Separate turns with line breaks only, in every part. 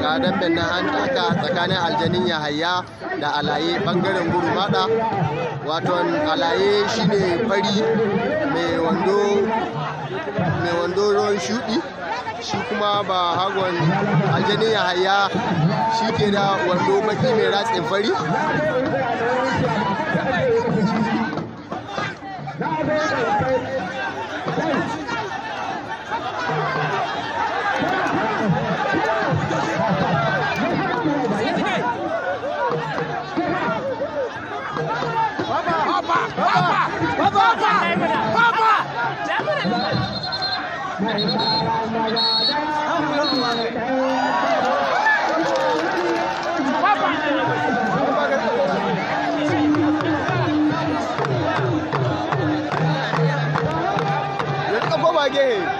ga damben nan an taka tsakanin aljanin yahaya da alaye bangaren mada waton alaye shine fari mai wando mai wando ruwan shuɗi shi kuma ba hagon aljanin yahaya shi ke da wando baki mai ratsin fari Get i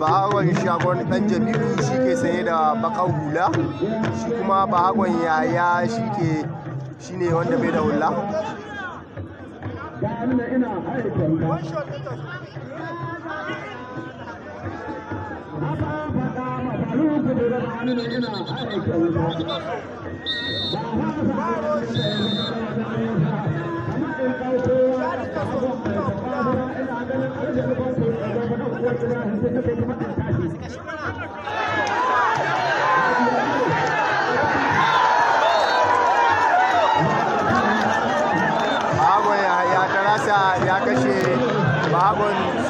bahagwan shagon dan Jamilu shi ke sanye da bakan hula shi kuma bahagwan yaya shi ke shi ne wanda bai da hula ina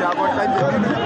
job. What time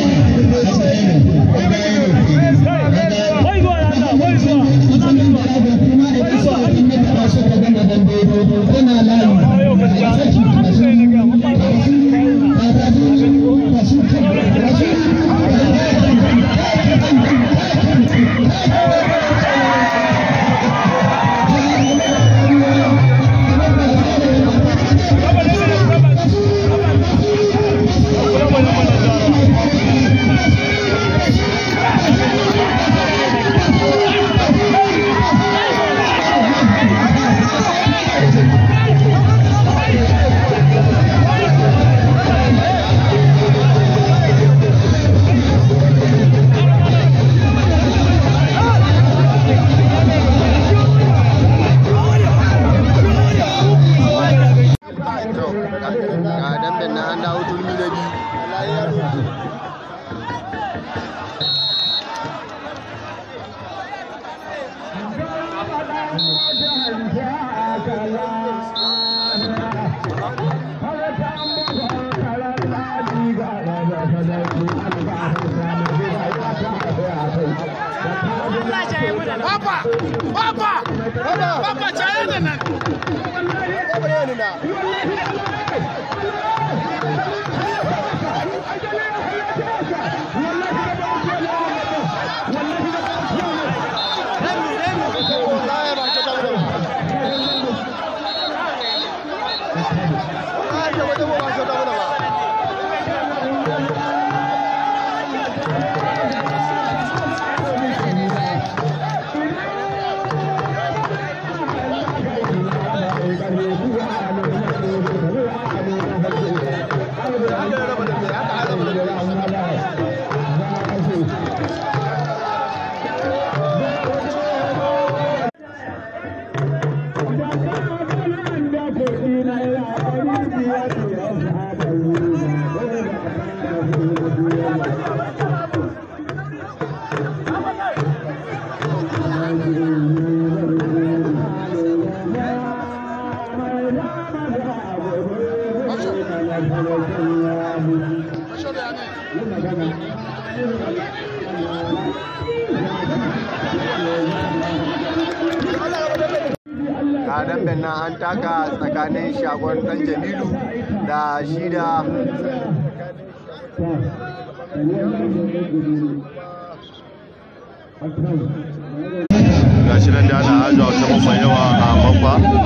Gracias. Baba! Baba, chayana damben nan an taka tsakanin shagon dan jamilu da shi da gashi nan da ana ajiye wata mai yawa a babba